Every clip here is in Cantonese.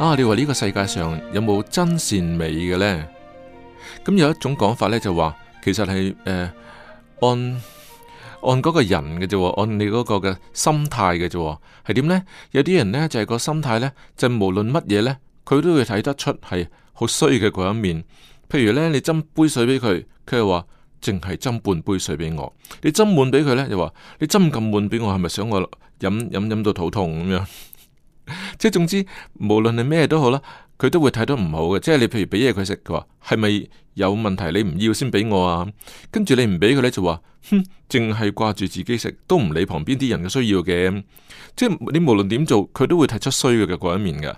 啊！你話呢個世界上有冇真善美嘅呢？咁有一種講法呢，就話其實係、呃、按按嗰個人嘅啫，按你嗰個嘅心態嘅啫，係點呢？有啲人呢，就係、係、個心態呢，就係、無論乜嘢呢，佢都會睇得出係好衰嘅嗰一面。譬如呢，你斟杯水俾佢，佢又話淨係斟半杯水俾我。你斟滿俾佢呢，又話你斟咁滿俾我，係咪想我飲飲飲，飲到肚痛咁樣？ 即係總之，無論你咩都好啦，佢都會睇到唔好嘅。即係你譬如俾嘢佢食，佢話係咪有問題？你唔要先俾我啊！跟住你唔俾佢呢，就話，哼，淨係掛住自己食，都唔理旁邊啲人嘅需要嘅。即係你無論點做，佢都會睇出衰嘅嗰一面嘅。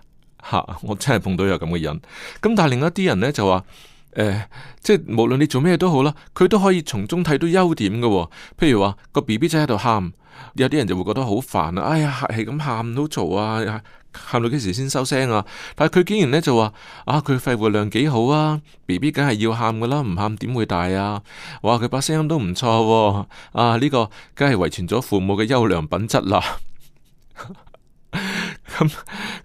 吓，啊，我真係碰到有咁嘅人。咁但係另一啲人呢，就話。誒，即係無論你做咩都好啦，佢都可以從中睇到優點噶、哦。譬如話個 B B 仔喺度喊，有啲人就會覺得好煩啊！哎呀，係咁喊都嘈啊，喊到幾時先收聲啊？但係佢竟然呢就話，啊，佢肺活量幾好啊！B B 梗係要喊噶啦，唔喊點會大啊？哇，佢把聲音都唔錯啊，啊呢、這個梗係遺傳咗父母嘅優良品質啦。咁 咁、嗯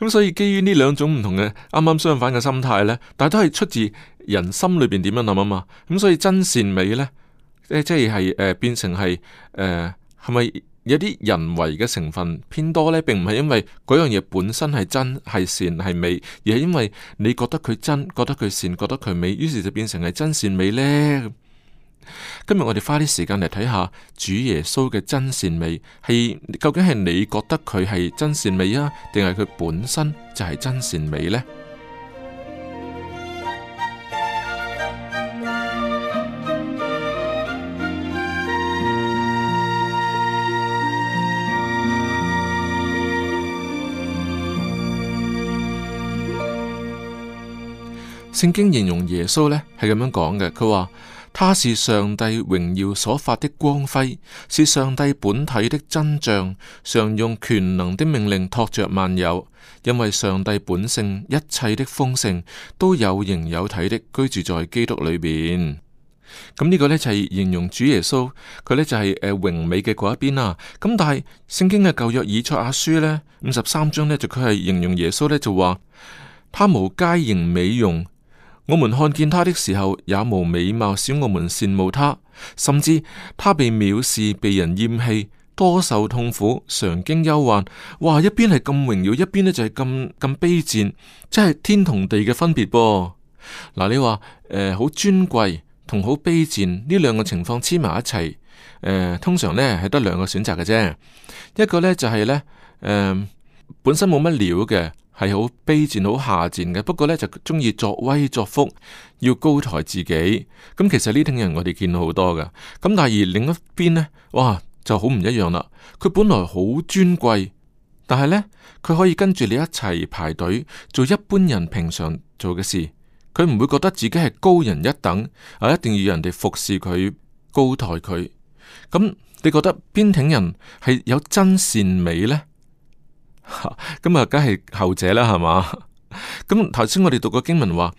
嗯、所以基於呢兩種唔同嘅啱啱相反嘅心態呢，但係都係出自。人心裏邊點樣諗啊嘛？咁所以真善美呢，即係誒、呃，變成係誒，係、呃、咪有啲人為嘅成分偏多呢，並唔係因為嗰樣嘢本身係真係善係美，而係因為你覺得佢真，覺得佢善，覺得佢美，於是就變成係真善美呢。今日我哋花啲時間嚟睇下主耶穌嘅真善美係究竟係你覺得佢係真善美啊，定係佢本身就係真善美呢？聖經形容耶穌呢係咁樣講嘅，佢話，他是上帝榮耀所發的光輝，是上帝本體的真像，常用權能的命令托着萬有，因為上帝本性一切的豐盛都有形有體的居住在基督裏面。咁、嗯、呢、這個呢，就係、是、形容主耶穌，佢呢就係誒榮美嘅嗰一邊啦。咁、嗯、但係聖經嘅舊約以賽亞書呢，五十三章呢，就佢係形容耶穌呢，就話他無佳形美容。我們看見他的時候，也無美貌，使我們羨慕他；甚至他被藐視，被人厭棄，多受痛苦，常經憂患。哇！一邊係咁榮耀，一邊呢就係咁咁卑賤，即係天同地嘅分別噃。嗱、呃，你話誒好尊貴同好卑賤呢兩個情況黐埋一齊，誒、呃、通常呢係得兩個選擇嘅啫。一個呢就係、是、呢誒、呃、本身冇乜料嘅。係好卑賤、好下賤嘅，不過呢，就中意作威作福，要高抬自己。咁其實呢啲人我哋見到好多㗎，咁但係而另一邊呢，哇就好唔一樣啦。佢本來好尊貴，但係呢，佢可以跟住你一齊排隊做一般人平常做嘅事，佢唔會覺得自己係高人一等啊，一定要人哋服侍佢、高抬佢。咁、嗯、你覺得邊啲人係有真善美呢？咁啊，梗係 後者啦，係嘛？咁頭先我哋讀過經文話，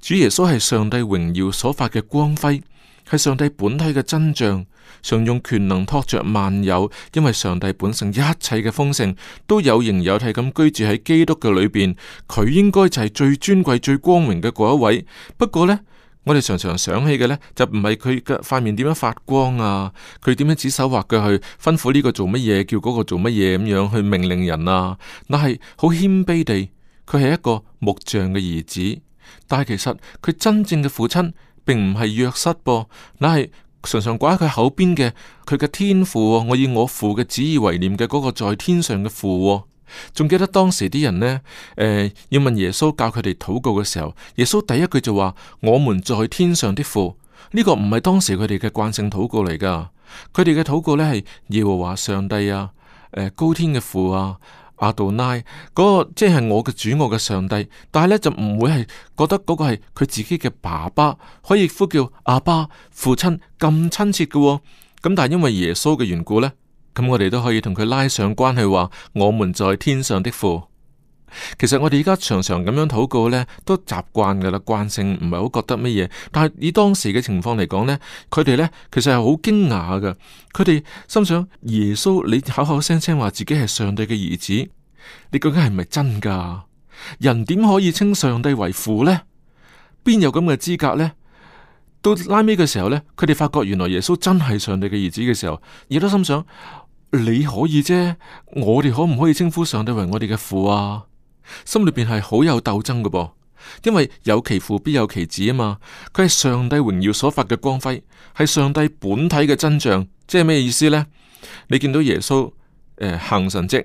主耶穌係上帝榮耀所發嘅光輝，係上帝本體嘅真像，常用權能托着萬有，因為上帝本性一切嘅豐盛都有形有體咁居住喺基督嘅裏邊，佢應該就係最尊貴、最光榮嘅嗰一位。不過呢，我哋常常想起嘅呢，就唔係佢嘅塊面點樣發光啊，佢點樣指手畫腳去吩咐呢個做乜嘢，叫嗰個做乜嘢咁樣去命令人啊。那係好謙卑地，佢係一個木匠嘅兒子，但係其實佢真正嘅父親並唔係約瑟噃、啊，那係常常掛喺佢口邊嘅佢嘅天父、啊。我以我父嘅旨意為念嘅嗰個在天上嘅父、啊。仲記得當時啲人呢？誒、呃，要問耶穌教佢哋禱告嘅時候，耶穌第一句就話：我們在天上的父。呢、這個唔係當時佢哋嘅慣性禱告嚟噶，佢哋嘅禱告呢係耶和華上帝啊，誒、呃，高天嘅父啊，阿杜拉嗰、那個即係我嘅主，我嘅上帝。但係呢，就唔會係覺得嗰個係佢自己嘅爸爸，可以呼叫阿爸、父親咁親切嘅、哦。咁但係因為耶穌嘅緣故呢。咁我哋都可以同佢拉上關係，話我們在天上的父。其實我哋而家常常咁樣禱告呢，都習慣噶啦，慣性唔係好覺得乜嘢。但係以當時嘅情況嚟講呢，佢哋呢其實係好驚訝噶。佢哋心想：耶穌，你口口聲聲話自己係上帝嘅兒子，你究竟係咪真噶？人點可以稱上帝為父呢？邊有咁嘅資格呢？到拉尾嘅時候呢，佢哋發覺原來耶穌真係上帝嘅兒子嘅時候，亦都心想。你可以啫，我哋可唔可以稱呼上帝為我哋嘅父啊？心裏邊係好有鬥爭嘅噃，因為有其父必有其子啊嘛。佢係上帝榮耀所發嘅光輝，係上帝本體嘅真像，即係咩意思呢？你見到耶穌、呃、行神迹，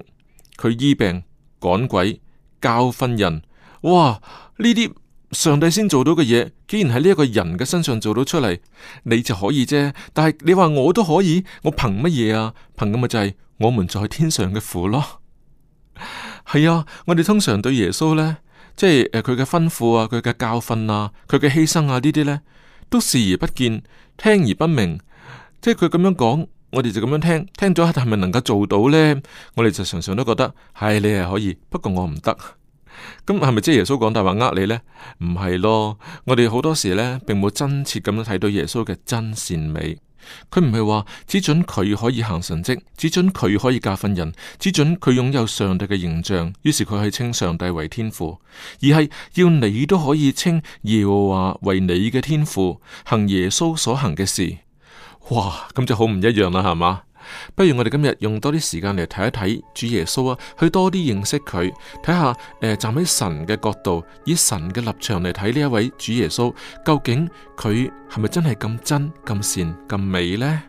佢醫病、趕鬼、教訓人，哇！呢啲上帝先做到嘅嘢，既然喺呢一個人嘅身上做到出嚟，你就可以啫。但係你話我都可以，我憑乜嘢啊？憑嘅咪就係我們在天上嘅父咯。係 啊，我哋通常對耶穌呢，即係佢嘅吩咐啊，佢嘅教訓啊，佢嘅犧牲啊呢啲呢，都視而不見，聽而不明。即係佢咁樣講，我哋就咁樣聽，聽咗係咪能夠做到呢？我哋就常常都覺得係、哎、你係可以，不過我唔得。咁係咪即係耶穌講大話呃你呢？唔係咯，我哋好多時呢，並冇真切咁樣睇到耶穌嘅真善美。佢唔係話只准佢可以行神蹟，只准佢可以教訓人，只准佢擁有上帝嘅形象。於是佢去稱上帝為天父，而係要你都可以稱耶和華為你嘅天父，行耶穌所行嘅事。哇，咁就好唔一樣啦，係嘛？不如我哋今日用多啲時間嚟睇一睇主耶穌啊，去多啲認識佢，睇下誒、呃，站喺神嘅角度，以神嘅立場嚟睇呢一位主耶穌，究竟佢係咪真係咁真、咁善、咁美呢？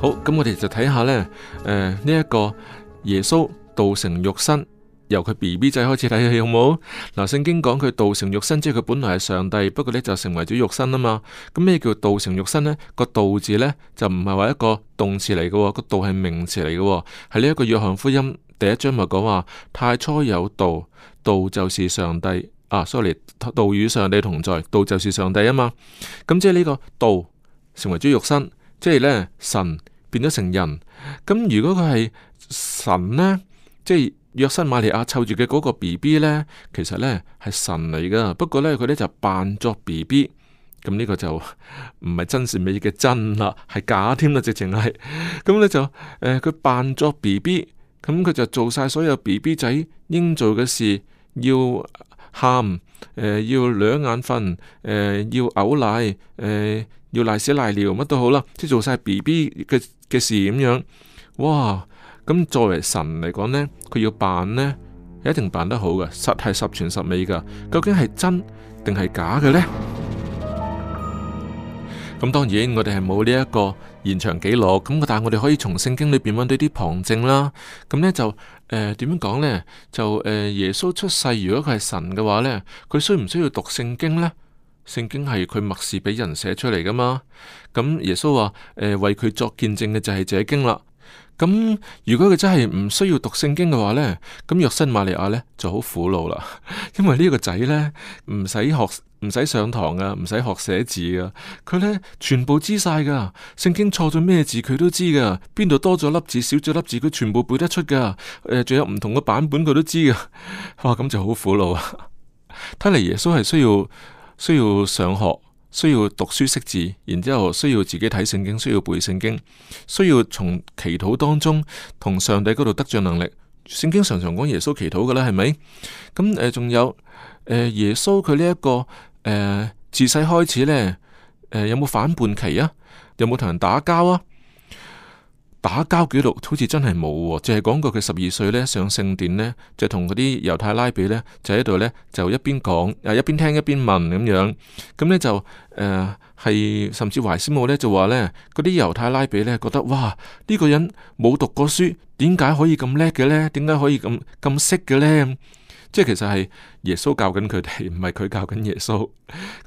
好，咁我哋就睇下呢。誒呢一個耶穌道成肉身，由佢 B B 仔開始睇戲好冇？嗱，聖經講佢道成肉身，即係佢本來係上帝，不過呢就成為咗肉身啊嘛。咁咩叫道成肉身呢？個道字呢，就唔係話一個動詞嚟嘅，個道係名詞嚟嘅，係呢一個約翰福音第一章咪講話太初有道，道就是上帝。啊，sorry，道與上帝同在，道就是上帝啊嘛。咁即係呢個道成為咗肉身，即係呢神。變咗成人，咁如果佢係神呢？即係約瑟瑪利亞湊住嘅嗰個 B B 呢，其實呢係神嚟㗎，不過呢，佢呢就扮作 B B，咁呢個就唔係真善美嘅真啦，係假添啦，直情係，咁呢就誒佢扮作 B B，咁佢就做晒所有 B B 仔應做嘅事，要喊、呃，要兩眼瞓、呃，要嘔、呃、奶，誒、呃。呃呃呃呃要瀨屎瀨尿乜都好啦，即係做晒 B B 嘅嘅事咁樣，哇！咁作為神嚟講呢，佢要扮呢，一定扮得好嘅，實係十全十美噶。究竟係真定係假嘅呢？咁 當然我哋係冇呢一個現場記錄，咁但係我哋可以從聖經裏邊揾到啲旁證啦。咁、呃、呢，就誒點樣講呢？就、呃、耶穌出世，如果佢係神嘅話呢，佢需唔需要讀聖經呢？聖經係佢默示俾人寫出嚟噶嘛？咁耶穌話：，誒、呃，為佢作見證嘅就係這經啦。咁、嗯、如果佢真係唔需要讀聖經嘅話呢，咁約瑟瑪利亞呢就好苦惱啦。 因為呢個仔呢，唔使學，唔使上堂啊，唔使學寫字啊，佢呢，全部知晒噶。聖經錯咗咩字佢都知噶，邊度多咗粒字，少咗粒字佢全部背得出噶。誒、呃，仲有唔同嘅版本佢都知噶。 哇，咁就好苦惱啊！睇 嚟耶穌係需要。需要上學，需要讀書識字，然之後需要自己睇聖經，需要背聖經，需要從祈禱當中同上帝嗰度得著能力。聖經常常講耶穌祈禱嘅啦，係咪？咁誒，仲有誒耶穌佢呢一個誒、呃、自細開始咧，誒、呃、有冇反叛期啊？有冇同人打交啊？打交記錄好似真係冇，淨係、是、講過佢十二歲咧，上聖殿呢，就同嗰啲猶太拉比呢，就喺度呢，就一邊講，啊一邊聽一邊問咁樣，咁呢就誒係、呃、甚至懷斯慕呢，就話呢，嗰啲猶太拉比呢，覺得哇呢、呢個人冇讀過書，點解可以咁叻嘅呢？點解可以咁咁識嘅呢？」即係其實係耶穌教緊佢哋，唔係佢教緊耶穌。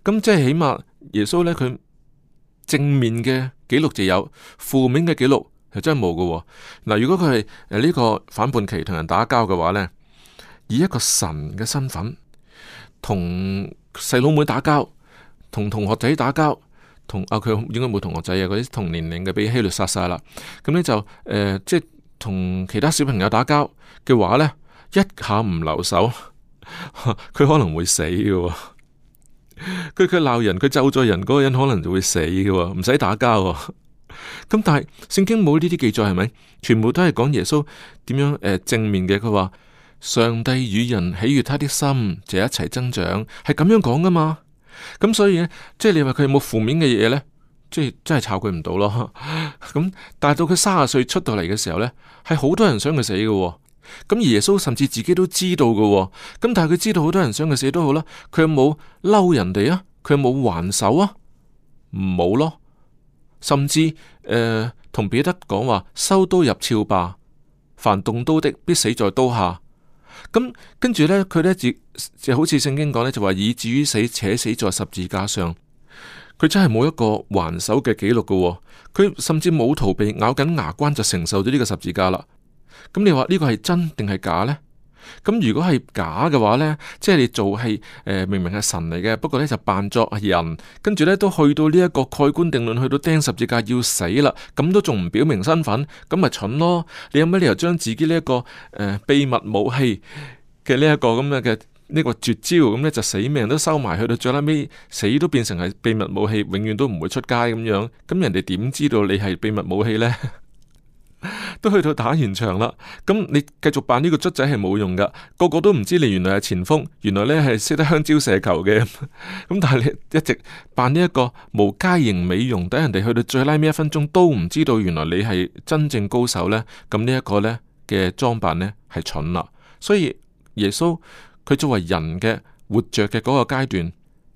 咁即係起碼耶穌呢，佢正面嘅記錄就有負錄，負面嘅記錄。係真冇噶嗱，如果佢係呢個反叛期同人打交嘅話呢，以一個神嘅身份同細佬妹打交，同同學仔打交，同啊佢應該冇同學仔啊，嗰啲同年齡嘅俾希律殺晒啦，咁呢就誒、呃、即係同其他小朋友打交嘅話呢，一下唔留手，佢可能會死噶、啊。佢佢鬧人，佢咒咗人嗰、那個人可能就會死噶、啊，唔使打交、啊。咁但係聖經冇呢啲記載係咪？全部都係講耶穌點樣誒、呃、正面嘅。佢話上帝與人喜悅他的心就一齊增長，係咁樣講噶嘛？咁、嗯、所以呢，即係你話佢有冇負面嘅嘢呢？即係真係抄佢唔到咯。咁但係到佢三十歲出到嚟嘅時候呢，係好多人想佢死嘅。咁、嗯、而耶穌甚至自己都知道噶。咁、嗯、但係佢知道好多人想佢死都好啦，佢有冇嬲人哋啊？佢有冇還手啊？冇咯。甚至誒，同彼得講話，收刀入鞘吧，凡動刀的必死在刀下。咁、嗯、跟住呢，佢呢就好似聖經講呢，就話以至於死，且死在十字架上。佢真係冇一個還手嘅記錄嘅、哦，佢甚至冇逃避，咬緊牙關就承受咗呢個十字架啦。咁、嗯、你話呢個係真定係假呢？咁如果係假嘅話呢，即係你做戲、呃、明明係神嚟嘅，不過呢就扮作人，跟住呢都去到呢一個蓋棺定論，去到釘十字架要死啦，咁都仲唔表明身份，咁咪蠢咯？你有乜理由將自己呢、這、一個、呃、秘密武器嘅呢一個咁樣嘅呢、這個絕招咁呢，就死命都收埋，去到最拉尾死都變成係秘密武器，永遠都唔會出街咁樣，咁人哋點知道你係秘密武器呢？ 都去到打完場啦，咁你繼續扮呢個卒仔係冇用噶，個個都唔知你原來係前鋒，原來呢係識得香蕉射球嘅，咁但係你一直扮呢一個無加型美容，等人哋去到最拉尾一分鐘都唔知道原來你係真正高手呢。咁呢一個呢嘅裝扮呢係蠢啦，所以耶穌佢作為人嘅活着嘅嗰個階段。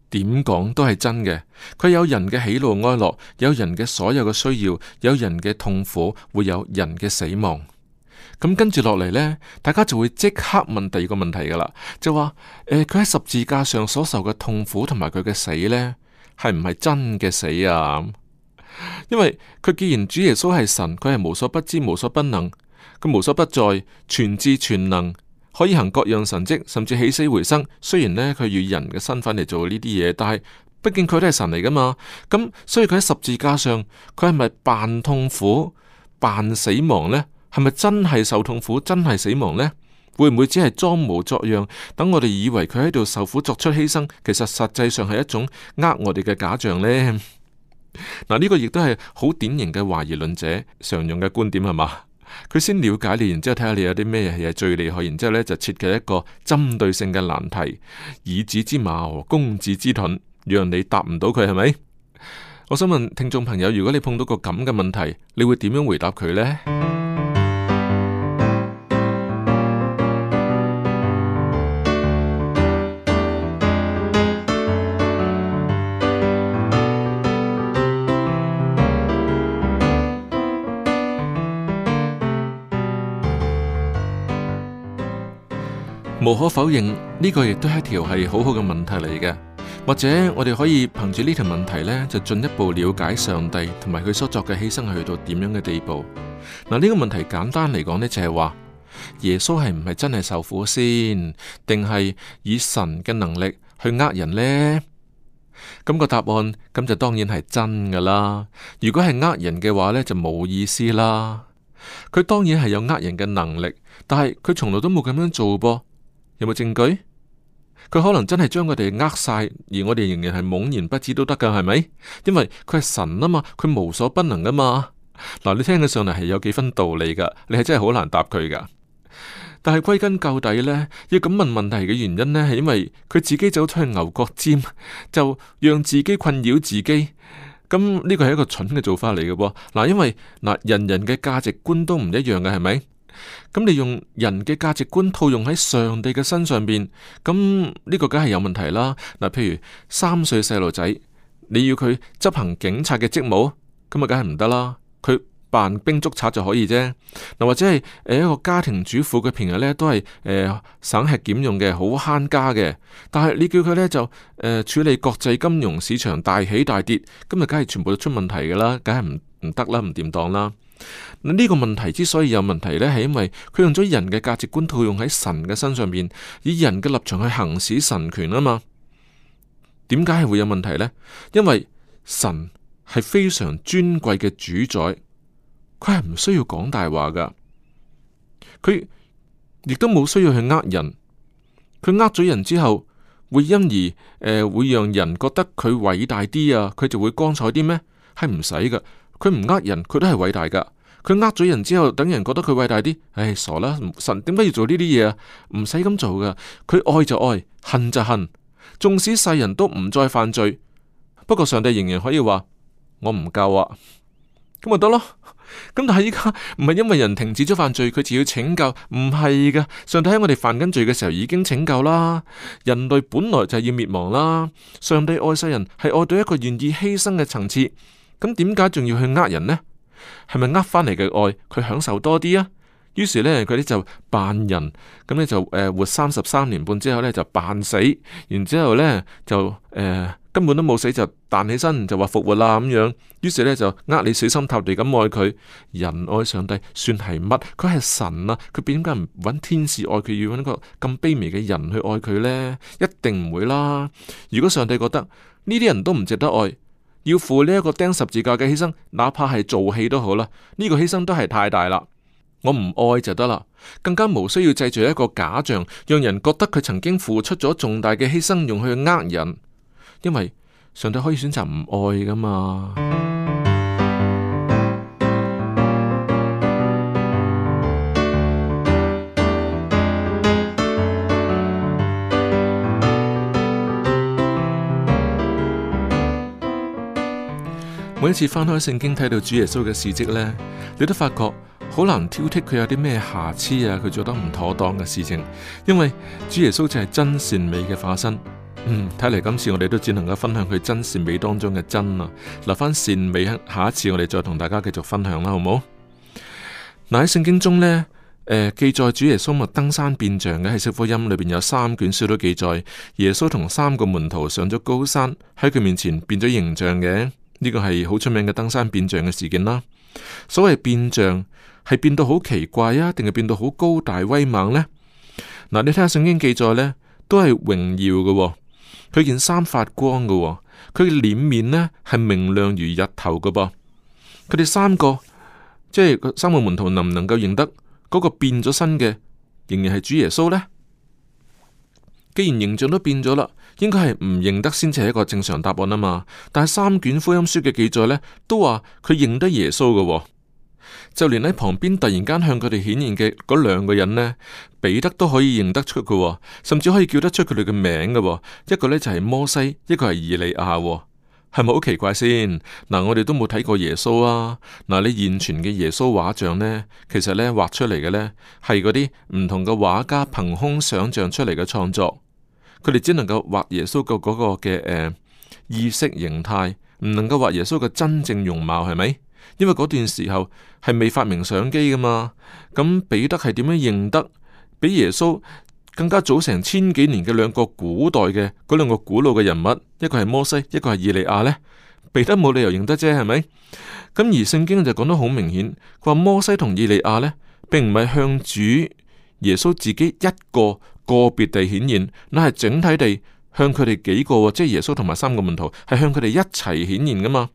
點講都係真嘅，佢有人嘅喜怒哀樂，有人嘅所有嘅需要，有人嘅痛苦，會有人嘅死亡。咁、嗯、跟住落嚟呢，大家就會即刻問第二個問題噶啦，就話佢喺十字架上所受嘅痛苦同埋佢嘅死呢，係唔係真嘅死啊？因為佢既然主耶穌係神，佢係無所不知、無所不能，佢無所不在、全知全能。可以行各樣神跡，甚至起死回生。雖然呢，佢以人嘅身份嚟做呢啲嘢，但係畢竟佢都係神嚟噶嘛。咁所以佢喺十字架上，佢係咪扮痛苦、扮死亡呢？係咪真係受痛苦、真係死亡呢？會唔會只係裝模作樣，等我哋以為佢喺度受苦作出犧牲？其實實際上係一種呃我哋嘅假象呢？嗱，呢個亦都係好典型嘅懷疑論者常用嘅觀點，係嘛？佢先了解你，然之後睇下你有啲咩嘢最厲害，然之後呢就設計一個針對性嘅難題，以子之矛攻子之盾，讓你答唔到佢係咪？我想問聽眾朋友，如果你碰到個咁嘅問題，你會點樣回答佢呢？無可否認，呢個亦都係一條係好好嘅問題嚟嘅。或者我哋可以憑住呢條問題呢，就進一步了解上帝同埋佢所作嘅犧牲去到點樣嘅地步。嗱，呢個問題簡單嚟講呢，就係話耶穌係唔係真係受苦先，定係以神嘅能力去呃人呢？咁個答案咁就當然係真噶啦。如果係呃人嘅話呢，就冇意思啦。佢當然係有呃人嘅能力，但係佢從來都冇咁樣做噃。有冇證據？佢可能真係將我哋呃晒，而我哋仍然係懵然不知都得噶，係咪？因為佢係神啊嘛，佢無所不能啊嘛。嗱，你聽得上嚟，係有幾分道理噶，你係真係好難答佢噶。但係歸根究底呢，要咁問問題嘅原因呢，係因為佢自己走出去牛角尖，就讓自己困擾自己。咁呢個係一個蠢嘅做法嚟嘅噃。嗱，因為嗱人人嘅價值觀都唔一樣嘅，係咪？咁你用人嘅價值觀套用喺上帝嘅身上邊，咁呢個梗係有問題啦。嗱，譬如三歲細路仔，你要佢執行警察嘅職務，咁啊梗係唔得啦。佢扮兵捉賊就可以啫。嗱，或者係誒一個家庭主婦佢平日咧，都係誒、呃、省吃儉用嘅，好慳家嘅。但係你叫佢咧就誒、呃、處理國際金融市場大起大跌，咁啊梗係全部都出問題噶啦，梗係唔唔得啦，唔掂當啦。呢個問題之所以有問題呢，係因為佢用咗人嘅價值觀套用喺神嘅身上面，以人嘅立場去行使神權啊嘛？點解係會有問題呢？因為神係非常尊貴嘅主宰，佢係唔需要講大話噶，佢亦都冇需要去呃人。佢呃咗人之後，會因而誒、呃、會讓人覺得佢偉大啲啊，佢就會光彩啲咩？係唔使噶。佢唔呃人，佢都係偉大噶。佢呃咗人之後，等人覺得佢偉大啲，唉，傻啦！神點解要做呢啲嘢啊？唔使咁做噶，佢愛就愛，恨就恨。縱使世人都唔再犯罪，不過上帝仍然可以話我唔救啊。咁咪得咯。咁但係依家唔係因為人停止咗犯罪，佢就要拯救，唔係噶。上帝喺我哋犯緊罪嘅時候已經拯救啦。人類本來就要滅亡啦。上帝愛世人係愛到一個願意犧牲嘅層次。咁點解仲要去呃人呢？係咪呃返嚟嘅愛佢享受多啲啊？於是呢，佢啲就扮人，咁咧就誒、呃、活三十三年半之後呢，就扮死，然之後咧就誒、呃、根本都冇死就彈起身就話復活啦咁樣。於是呢，就呃你死心塌地咁愛佢，人愛上帝算係乜？佢係神啊，佢點解唔揾天使愛佢，要揾個咁卑微嘅人去愛佢呢？一定唔會啦。如果上帝覺得呢啲人都唔值得愛。要付呢一個釘十字架嘅犧牲，哪怕係做戲都好啦，呢個犧牲都係太大啦。我唔愛就得啦，更加無需要製造一個假象，讓人覺得佢曾經付出咗重大嘅犧牲，用去呃人。因為上帝可以選擇唔愛噶嘛。每次翻開聖經睇到主耶穌嘅事蹟呢，你都發覺好難挑剔佢有啲咩瑕疵啊？佢做得唔妥當嘅事情，因為主耶穌就係真善美嘅化身。嗯，睇嚟今次我哋都只能夠分享佢真善美當中嘅真啦。留翻善美下一次我哋再同大家繼續分享啦，好唔好？嗱，喺聖經中呢，誒、呃、記載主耶穌物登山變像嘅係四福音裏邊有三卷書都記載耶穌同三個門徒上咗高山喺佢面前變咗形象嘅。呢個係好出名嘅登山變象嘅事件啦。所謂變象係變到好奇怪啊，定係變到好高大威猛呢？嗱、啊，你睇下聖經記載呢，都係榮耀嘅、哦。佢件衫發光嘅、哦，佢嘅臉面呢係明亮如日頭嘅噃、哦。佢哋三個即係三個門徒能唔能夠認得嗰個變咗身嘅仍然係主耶穌呢？既然形象都變咗啦，應該係唔認得先至係一個正常答案啊嘛。但係三卷福音書嘅記載呢，都話佢認得耶穌㗎喎，就連喺旁邊突然間向佢哋顯現嘅嗰兩個人呢，彼得都可以認得出㗎喎，甚至可以叫得出佢哋嘅名㗎喎。一個呢就係摩西，一個係以利亞喎，係咪好奇怪先？嗱，我哋都冇睇過耶穌啊。嗱，你現存嘅耶穌畫像呢，其實呢，畫出嚟嘅呢，係嗰啲唔同嘅畫家憑空想象出嚟嘅創作。佢哋只能夠畫耶穌個嗰個嘅誒意識形態，唔能夠畫耶穌嘅真正容貌，係咪？因為嗰段時候係未發明相機噶嘛。咁彼得係點樣認得比耶穌更加早成千幾年嘅兩個古代嘅嗰兩個古老嘅人物，一個係摩西，一個係以利亞呢？彼得冇理由認得啫，係咪？咁而聖經就講得好明顯，佢話摩西同以利亞呢，並唔係向主耶穌自己一個。個別地顯現，那係整體地向佢哋幾個，即係耶穌同埋三個門徒，係向佢哋一齊顯現噶嘛。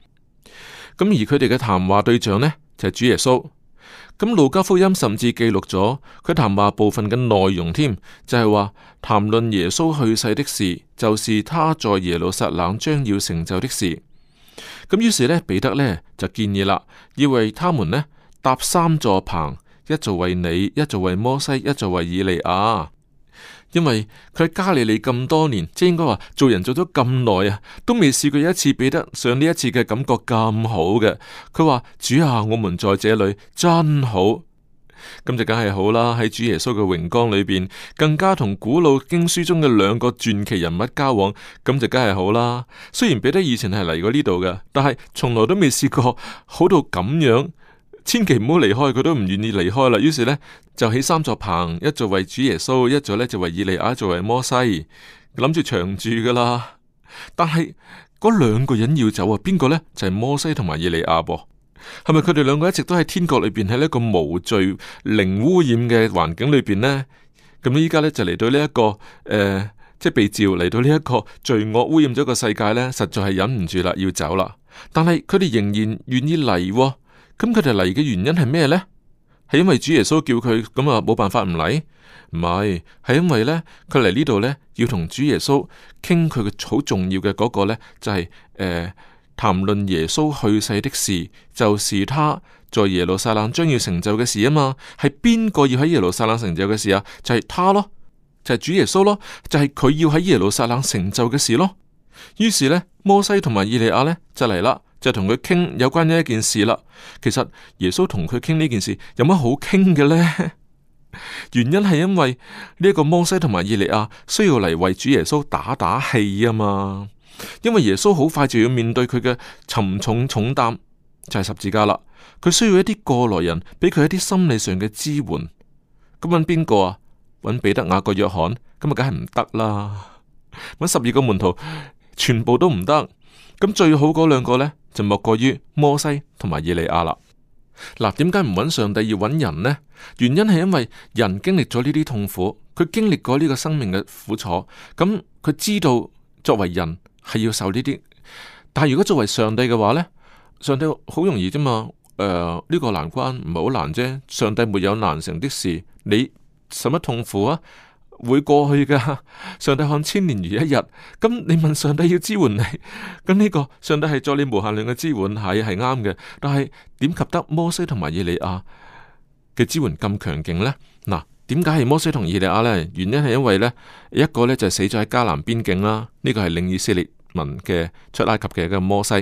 咁而佢哋嘅談話對象呢，就係、是、主耶穌。咁路加福音甚至記錄咗佢談話部分嘅內容添，就係話談論耶穌去世的事，就是他在耶路撒冷將要成就的事。咁於是呢，彼得呢，就建議啦，要為他們呢，搭三座棚，一座為你，一座為摩西，一座為以利亞。因為佢喺加利利咁多年，即係應該話做人做咗咁耐啊，都未試過一次比得上呢一次嘅感覺咁好嘅。佢話主啊，我們在這裏真好，咁就梗係好啦。喺主耶穌嘅榮光裏邊，更加同古老經書中嘅兩個傳奇人物交往，咁就梗係好啦。雖然彼得以前係嚟過呢度嘅，但係從來都未試過好到咁樣。千祈唔好離開，佢都唔願意離開啦。於是呢，就起三座棚，一座為主耶穌，一座呢就為以利亞，一座為摩西，諗住長住噶啦。但係嗰兩個人要走啊。邊個呢？就係、是、摩西同埋以利亞噃。係咪佢哋兩個一直都喺天國裏邊喺呢個無罪、零污染嘅環境裏邊呢？咁依家呢，就嚟到呢，這、一個誒、呃，即係被召嚟到呢一個罪惡污染咗嘅世界呢，實在係忍唔住啦，要走啦。但係佢哋仍然願意嚟。咁佢哋嚟嘅原因係咩呢？係因為主耶穌叫佢咁啊，冇辦法唔嚟，唔係，係因為呢，佢嚟呢度呢，要同主耶穌傾佢嘅好重要嘅嗰個呢、就是，就係誒談論耶穌去世的事，就是他在耶路撒冷將要成就嘅事啊嘛。係邊個要喺耶路撒冷成就嘅事啊？就係、是、他咯，就係、是、主耶穌咯，就係、是、佢要喺耶路撒冷成就嘅事咯。於是呢，摩西同埋以利亞呢，就嚟啦。就同佢傾有關呢一件事啦。其實耶穌同佢傾呢件事有乜好傾嘅呢？原因係因為呢個摩西同埋以利亞需要嚟為主耶穌打打氣啊嘛。因為耶穌好快就要面對佢嘅沉重重擔，就係十字架啦。佢需要一啲過來人俾佢一啲心理上嘅支援。咁揾邊個啊？揾彼得、雅各、約翰，咁啊梗係唔得啦。揾十二個門徒全部都唔得。咁最好嗰兩個呢，就莫過於摩西同埋以利亞啦。嗱，點解唔揾上帝要揾人呢？原因係因為人經歷咗呢啲痛苦，佢經歷過呢個生命嘅苦楚，咁佢知道作為人係要受呢啲。但係如果作為上帝嘅話呢，上帝好容易啫嘛。誒、呃，呢、這個難關唔係好難啫，上帝沒有難成的事，你什麼痛苦啊？會過去噶。上帝看千年如一日，咁你問上帝要支援你，咁呢個上帝係助你無限量嘅支援，係係啱嘅。但係點及得摩西同埋以利亞嘅支援咁強勁呢？嗱，點解係摩西同以利亞呢？原因係因為呢，一個呢就是，死咗喺迦南邊境啦，呢，這個係領以色列民嘅出埃及嘅一個摩西。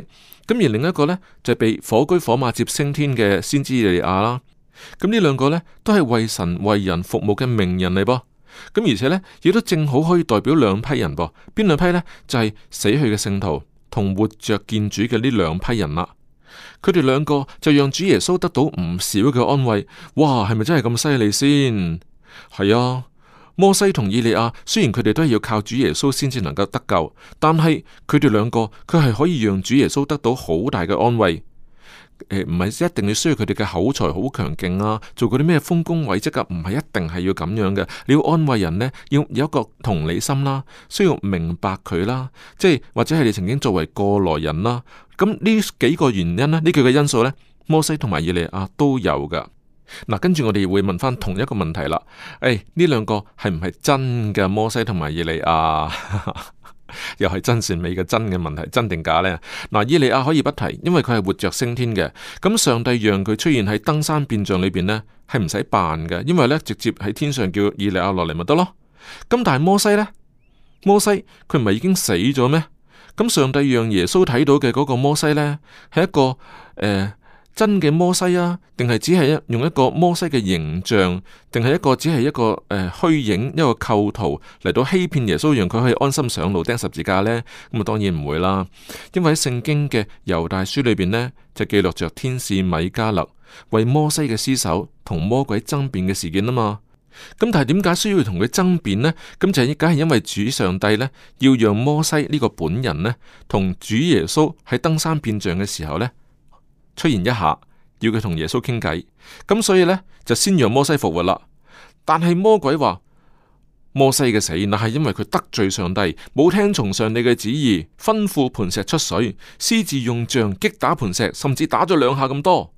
咁而另一個呢，就係，是，被火居火馬接升天嘅先知以利亞啦。咁呢兩個呢，都係為神為人服務嘅名人嚟噃。咁而且呢，亦都正好可以代表兩批人噃，邊兩批呢？就係死去嘅聖徒同活着見主嘅呢兩批人啦。佢哋兩個就讓主耶穌得到唔少嘅安慰。哇，係咪真係咁犀利先？係啊，摩西同以利亞雖然佢哋都係要靠主耶穌先至能夠得救，但係佢哋兩個佢係可以讓主耶穌得到好大嘅安慰。誒，唔係、欸、一定要需要佢哋嘅口才好強勁啊，做嗰啲咩豐功偉績啊，唔係一定係要咁樣嘅。你要安慰人呢，要有一個同理心啦，需要明白佢啦，即係或者係你曾經作為過來人啦。咁呢幾個原因呢，呢幾個因素呢，摩西同埋以利亞都有噶。嗱、啊，跟住我哋會問翻同一個問題啦。誒、欸，呢兩個係唔係真嘅摩西同埋以利亞？ 又係真善美嘅真嘅問題，真定假呢？嗱，以利亞可以不提，因為佢係活着升天嘅。咁上帝讓佢出現喺登山變像裏邊呢，係唔使扮嘅，因為呢直接喺天上叫以利亞落嚟咪得咯。咁但係摩西呢？摩西佢唔係已經死咗咩？咁上帝讓耶穌睇到嘅嗰個摩西呢，係一個誒。呃真嘅摩西啊，定係只係一用一個摩西嘅形象，定係一個只係一個誒、呃、虛影一個構圖嚟到欺騙耶穌，讓佢可以安心上路釘十字架呢，咁啊，當然唔會啦。因為喺聖經嘅猶大書裏邊呢，就記錄着天使米迦勒為摩西嘅屍首同魔鬼爭辯嘅事件啊嘛。咁但係點解需要同佢爭辯呢？咁就係梗係因為主上帝呢，要讓摩西呢個本人呢，同主耶穌喺登山變像嘅時候呢。出現一下，要佢同耶穌傾偈，咁所以呢，就先讓摩西復活啦。但係魔鬼話：摩西嘅死，那係因為佢得罪上帝，冇聽從上帝嘅旨意，吩咐磐石出水，私自用杖擊打磐石，甚至打咗兩下咁多，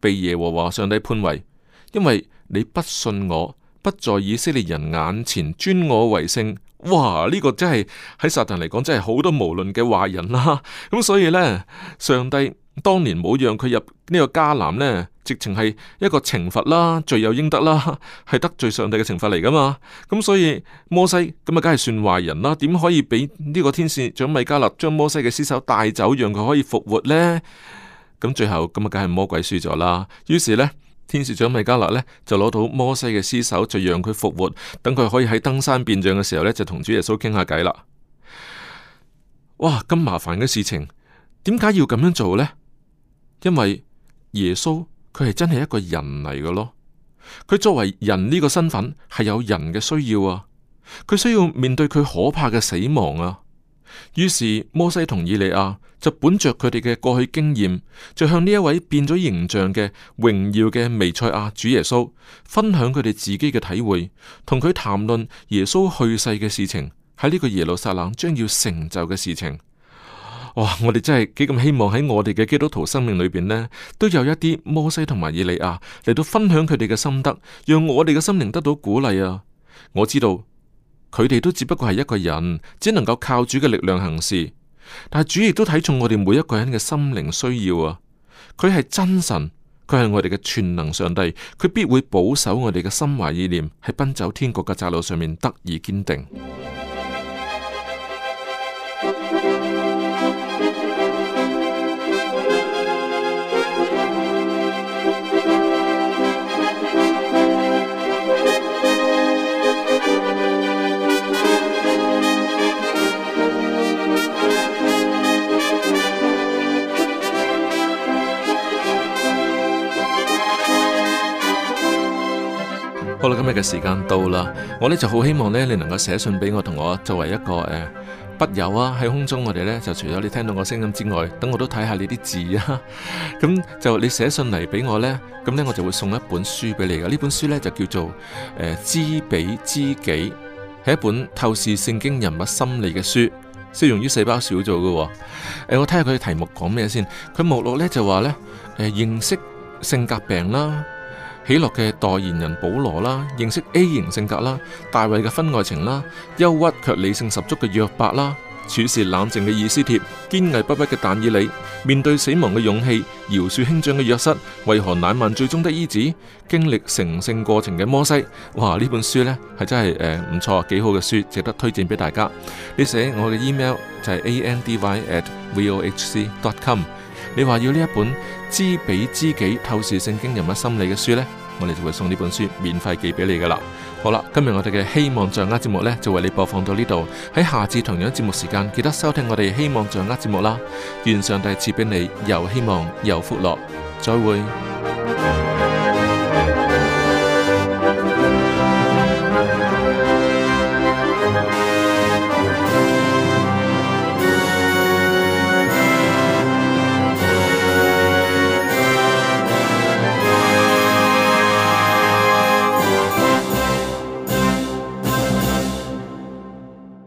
被耶和華上帝判為，因為你不信我，不在以色列人眼前尊我為聖。哇！呢個真係喺撒旦嚟講，真係好多無論嘅壞人啦。咁所以呢，上帝。當年冇讓佢入呢個迦南呢，直情係一個懲罰啦，罪有應得啦，係得罪上帝嘅懲罰嚟噶嘛。咁所以摩西咁啊，梗係算壞人啦。點可以俾呢個天使長米迦勒將摩西嘅屍首帶走，讓佢可以復活呢？咁最後咁啊，梗係魔鬼輸咗啦。於是呢，天使長米迦勒呢就攞到摩西嘅屍首，就讓佢復活，等佢可以喺登山變像嘅時候呢，就同主耶穌傾下偈啦。哇，咁麻煩嘅事情，點解要咁樣做呢？因為耶穌佢係真係一個人嚟嘅咯，佢作為人呢個身份係有人嘅需要啊，佢需要面對佢可怕嘅死亡啊。於是摩西同以利亞就本着佢哋嘅過去經驗，就向呢一位變咗形象嘅榮耀嘅彌賽亞主耶穌分享佢哋自己嘅體會，同佢談論耶穌去世嘅事情，喺呢個耶路撒冷將要成就嘅事情。哇、哦！我哋真係幾咁希望喺我哋嘅基督徒生命裏邊呢，都有一啲摩西同埋以利亞嚟到分享佢哋嘅心得，讓我哋嘅心靈得到鼓勵啊！我知道佢哋都只不過係一個人，只能夠靠主嘅力量行事，但係主亦都睇重我哋每一個人嘅心靈需要啊！佢係真神，佢係我哋嘅全能上帝，佢必會保守我哋嘅心懷意念，喺奔走天國嘅窄路上面得以堅定。今日嘅時間到啦，我呢就好希望呢，你能夠寫信俾我，同我作為一個誒筆、呃、友啊，喺空中我哋呢就除咗你聽到我聲音之外，等我都睇下你啲字啊，咁 就你寫信嚟俾我呢，咁呢我就會送一本書俾你噶，呢本書呢，就叫做、呃、知彼知己，係一本透視聖經人物心理嘅書，適用於細胞小組噶。誒、呃，我睇下佢嘅題目講咩先，佢目錄呢，就話呢：呃「誒認識性格病啦，喜樂嘅代言人保羅啦，認識 A 型性格啦，大衛嘅婚外情啦，憂鬱卻理性十足嘅約伯啦，處事冷靜嘅以斯帖，堅毅不屈嘅但以理，面對死亡嘅勇氣，饒恕兄長嘅約瑟，為何難聞最終的醫治，經歷成聖過程嘅摩西，哇！呢本書呢係真係誒唔錯，幾好嘅書，值得推薦俾大家。你寫我嘅 email 就係 andy@vohc.com。你話要呢一本知彼知己透視聖經人物心理嘅書呢？我哋就會送呢本書免費寄俾你噶啦。好啦，今日我哋嘅希望掌握節目呢，就為你播放到呢度。喺下次同樣節目時間，記得收聽我哋嘅希望掌握節目啦。願上帝賜俾你又希望又福樂。再會。